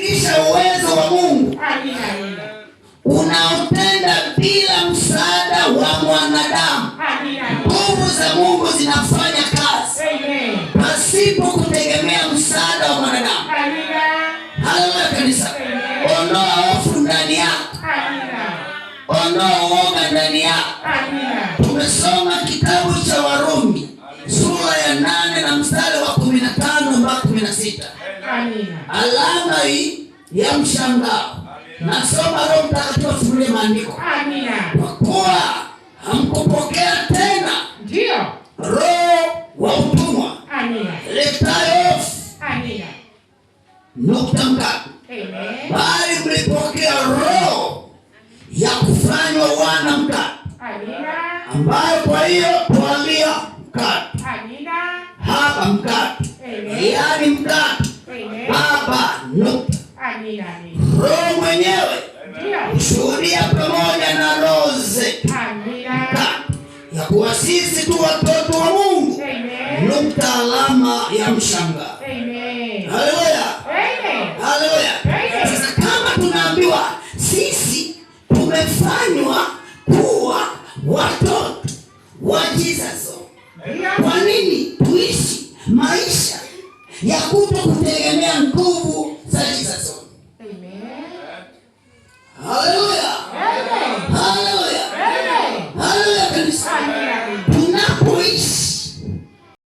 kisha uwezo wa Mungu unaotenda bila msaada wa mwanadamu. Nguvu za Mungu zinafanya kazi pasipo kutegemea msaada wa mwanadamu. Haleluya kanisa, ondoa hofu ndani yako, ondoa uoga ndani yako. Tumesoma kitabu cha Warumi sura ya nane na mstari wa na Alama hii ya mshangao nasoma Roho Mtakatifu fulie maandiko, kwa kuwa hamkupokea tena roho wa utumwa letayo hofu nukta ngapi, bali mlipokea roho ya kufanywa wana mkato, ambayo kwa hiyo twalia mkato hapa mkato yaani mtatu Baba nukta Roho mwenyewe kushuhudia pamoja na roho zetu ya kuwa sisi tu watoto wa Mungu nukta alama ya mshangao. Haleluya, haleluya. Sasa kama tunaambiwa sisi tumefanywa kuwa watoto wa Jesus, kwa nini tuishi maisha ya kuto kutegemea nguvu za Jason.